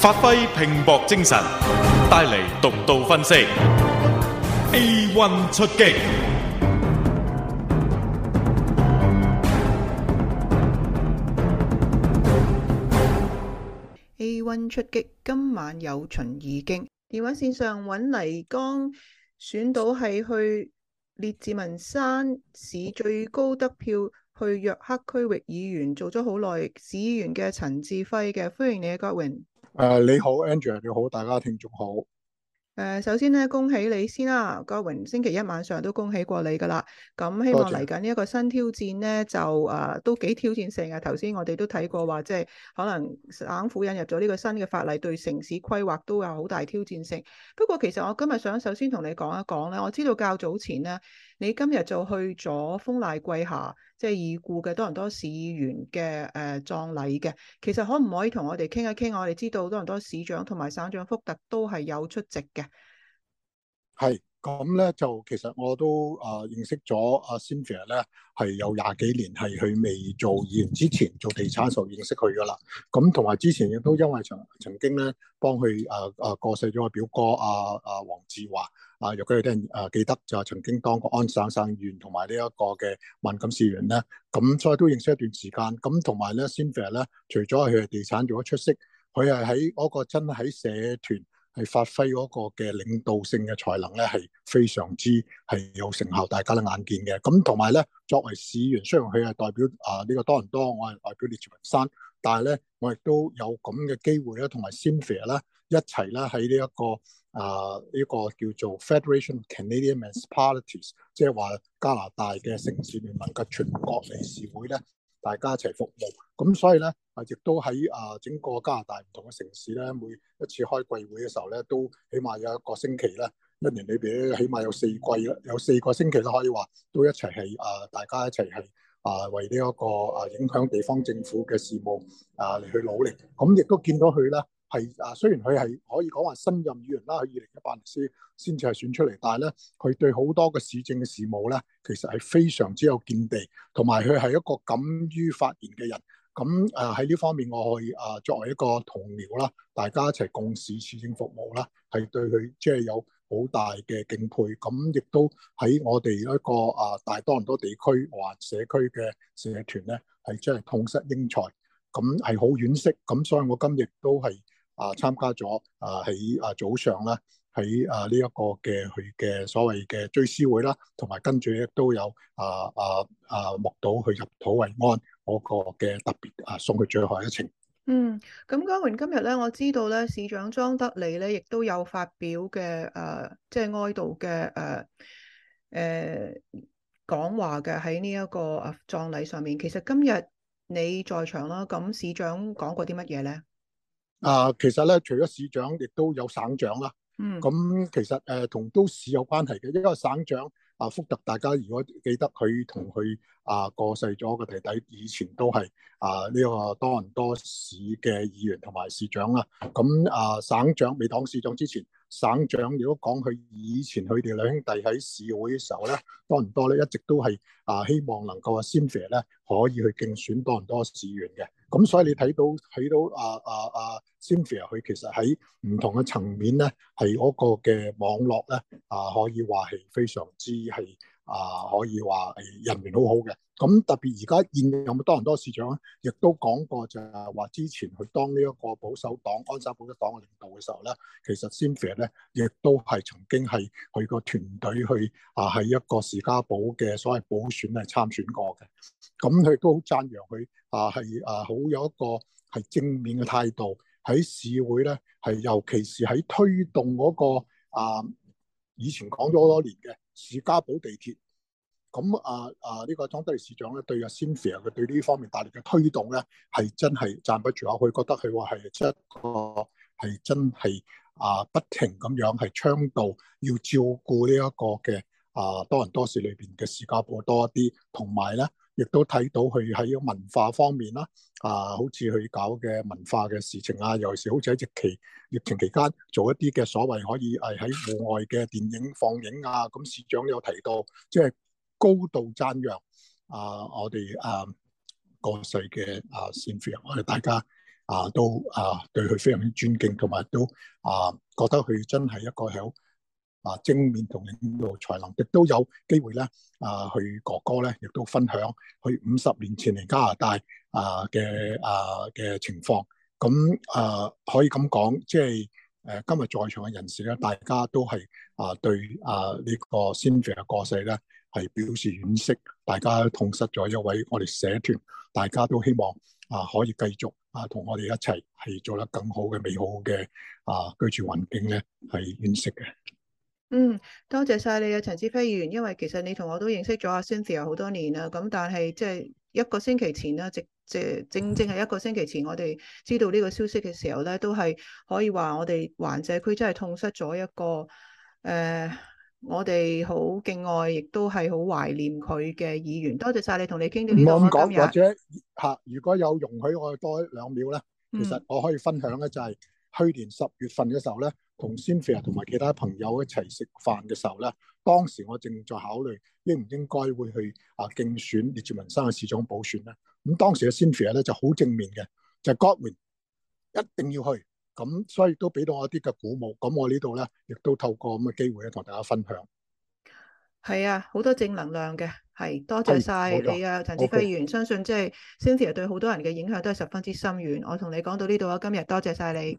發揮拼搏精神，帶嚟獨到分析。A1 出擊，A1 出擊。今晚有巡已經電話線上揾黎江選到係去烈治文山市最高得票去約克區域議員做咗好耐市議員嘅陳志輝嘅，歡迎你，郭榮。誒、uh，你好，Andrew，你好，大家聽眾好。誒、呃，首先咧，恭喜你先啦、啊，嘉榮，星期一晚上都恭喜過你噶啦。咁希望嚟緊呢一個新挑戰咧，就誒、啊、都幾挑戰性嘅。頭先我哋都睇過話，即係可能省府引入咗呢個新嘅法例，對城市規劃都有好大挑戰性。不過其實我今日想首先同你講一講咧，我知道較早前咧，你今日就去咗風賴桂霞，即係已故嘅多倫多市議員嘅誒、呃、葬禮嘅。其實可唔可以同我哋傾一傾？我哋知道多倫多市長同埋省長福特都係有出席嘅。係咁咧，就其實我都啊認識咗阿 s i n v i a 咧，係有廿幾年，係佢未做議員之前做地產時候，就認識佢噶啦。咁同埋之前亦都因為曾曾經咧幫佢啊啊過世咗個表哥阿阿黃志華啊，若果有啲人啊記得就係曾經當過安省省議員同埋呢一個嘅萬錦市議員咧，咁所以都認識了一段時間。咁同埋咧 s i n v i a 咧，除咗佢地產做得出色，佢係喺嗰個真喺社團，係發揮嗰個嘅領導性嘅才能咧，係非常之係有成效，大家咧眼見嘅。咁同埋咧，作為市議員，雖然佢係代表啊呢、呃呢個多倫多，我係代表列治文山，但係咧，我亦都有咁嘅機會咧，同埋 Simfer 咧一齊咧喺呢一、呢個啊呢、呃呢個叫做 Federation of Canadian Municipalities，即係話加拿大嘅城市聯盟嘅全國理事會咧。大家一齊服務，咁所以咧，啊，亦都喺啊整個加拿大唔同嘅城市咧，每一次開季會嘅時候咧，都起碼有一個星期咧，一年裏邊咧，起碼有四季啦，有四個星期啦，可以話都一齊係啊，大家一齊係啊，為呢一個啊影響地方政府嘅事務啊嚟去努力，咁亦都見到佢啦。係啊，雖然佢係可以講話新任議員啦，佢二零一八年先先至係選出嚟，但係咧，佢對好多嘅市政嘅事務咧，其實係非常之有見地，同埋佢係一個敢於發言嘅人。咁誒喺呢方面，我可以誒作為一個同僚啦，大家一齊共事市政服務啦，係對佢即係有好大嘅敬佩。咁亦都喺我哋一個誒大多倫多地區或社區嘅社團咧，係真係痛失英才，咁係好惋惜。咁所以，我今日都係。啊！參加咗啊！喺啊早上啦，喺啊呢一個嘅佢嘅所謂嘅追思會啦，同埋跟住亦都有啊啊啊，目睹佢入土為安嗰個嘅特別啊，送去最後一程。嗯，咁江榮今日咧，我知道咧，市長莊德利咧，亦都有發表嘅誒、呃，即係哀悼嘅誒誒講話嘅喺呢一個啊葬禮上面。其實今日你在場啦，咁市長講過啲乜嘢咧？啊、呃，其實咧，除咗市長，亦都有省長啦。嗯，咁其實誒，同、呃、都市有關係嘅，一個省長啊，福特大家如果記得佢同佢。啊，過世咗個弟弟，以前都係啊呢個多倫多市嘅議員同埋市長啊。咁啊，省長未當市長之前，省長如果講佢以前佢哋兩兄弟喺市會嘅時候咧，多倫多咧一直都係啊，希望能夠啊 Simfer 咧可以去競選多倫多市員嘅。咁所以你睇到睇到啊啊啊 Simfer 佢其實喺唔同嘅層面咧，係嗰個嘅網絡咧啊，可以話係非常之係。啊，可以話人緣好好嘅。咁特別而家現有冇多倫多市長咧？亦都講過就係、是、話，之前佢當呢一個保守黨、安省保守黨嘅領導嘅時候咧，其實 s i m 咧亦都係曾經係佢個團隊去啊，喺一個士嘉堡嘅所謂補選係參選過嘅。咁佢都好讚揚佢啊，係啊，好有一個係正面嘅態度喺市會咧，係尤其是喺推動嗰、那個啊，以前講咗好多年嘅。史家堡地鐵，咁啊啊呢個莊德利市長咧，對阿 s i m 佢對呢方面大力嘅推動咧，係真係讚不絕口，佢覺得佢話係一個係真係啊不停咁樣係倡導要照顧呢一個嘅啊多倫多市裏邊嘅士家堡多一啲，同埋咧。亦都睇到佢喺文化方面啦，啊、呃，好似佢搞嘅文化嘅事情啊，尤其是好似喺疫期、疫情期間做一啲嘅所謂可以係喺戶外嘅電影放映啊，咁市長都有提到，即、就、係、是、高度讚揚啊，我哋啊、呃、過世嘅啊先父，我、呃、哋大家啊、呃、都啊、呃、對佢非常之尊敬，同埋都啊、呃、覺得佢真係一個是。好。啊，正面同領導才能亦都有機會咧，啊，佢哥哥咧，亦都分享佢五十年前嚟加拿大的啊嘅啊嘅情況。咁啊，可以咁講，即係誒，今日在場嘅人士咧，大家都係啊對啊、這個、呢個先鋒嘅過世咧，係表示惋惜。大家痛失咗一位我哋社團，大家都希望啊可以繼續啊同我哋一齊係做得更好嘅美好嘅啊居住環境咧，係惋惜嘅。嗯，多謝晒你啊，陳志輝議員。因為其實你同我都認識咗阿 Cynthia 好多年啦，咁但係即係一個星期前啦，即即係正正係一個星期前，我哋知道呢個消息嘅時候咧，都係可以話我哋環界區真係痛失咗一個誒、呃，我哋好敬愛，亦都係好懷念佢嘅議員。多謝晒你同你傾到呢度啦。唔講或者吓，如果有容許我多兩秒咧，其實我可以分享咧、就係，就、嗯、係去年十月份嘅時候咧。同 Cynthia 同埋其他朋友一齊食飯嘅時候咧，當時我正在考慮應唔應該會去啊競選列治文山嘅市長補選咧。咁當時嘅 Cynthia 咧就好正面嘅，就係、Godwin 一定要去，咁所以都俾到我一啲嘅鼓舞。咁我呢度咧亦都透過咁嘅機會咧同大家分享。係啊，好多正能量嘅，係多謝晒你啊，陳志輝議員。相信即係 Cynthia 對好多人嘅影響都係十分之深遠。我同你講到呢度啊，今日多謝晒你。